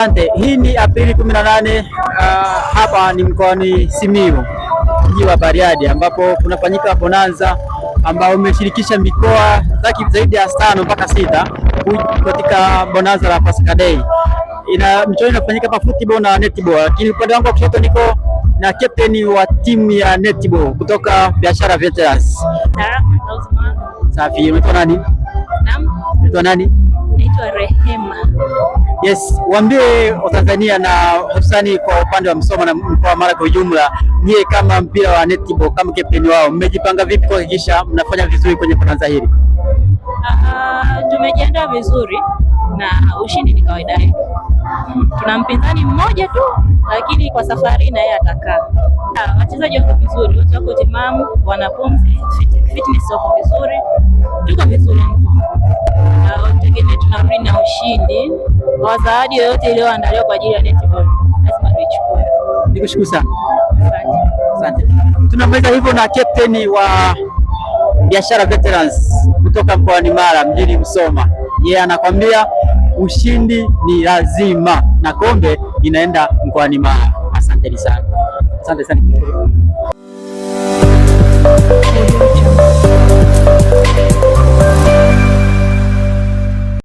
Asante. Hii ni Aprili 18. Uh, ah, hapa ni mkoani Simiyu, mji wa Bariadi, ambapo kunafanyika bonanza ambao umeshirikisha mikoa zaidi ya tano mpaka sita katika bonanza la Pasaka Day. Ina mchezo inafanyika hapa football na netball, lakini upande wangu wa kushoto niko na captain wa timu ya netball kutoka Biashara Veterans. Safi, unaitwa nani? Naam. Unaitwa nani? Naitwa Rehema. Yes, waambie Watanzania na hususani kwa upande wa Msoma na mkoa wa Mara kwa ujumla, nyie kama mpira wa netball, kama kapteni wao, mmejipanga vipi kuhakikisha mnafanya vizuri kwenye bonanza hili? Uh, tumejiandaa vizuri na ushindi ni kawaida Tuna mpinzani mmoja tu, lakini kwa safari na yeye atakaa. Ah, wachezaji wako vizuri, wote wako timamu, wana pumzi, fitness wako vizuri, tuko vizuri, tunaamini na ushindi kwa zawadi yoyote iliyoandaliwa kwa ajili ya netball lazima tuichukue. Nikushukuru sana. Asante. Tunamaliza hivyo na captain wa Biashara Veterans kutoka mkoani Mara mjini Msoma, yeye yeah, anakwambia ushindi ni lazima na kombe inaenda mkoani Mara. Asanteni sana, asante sana.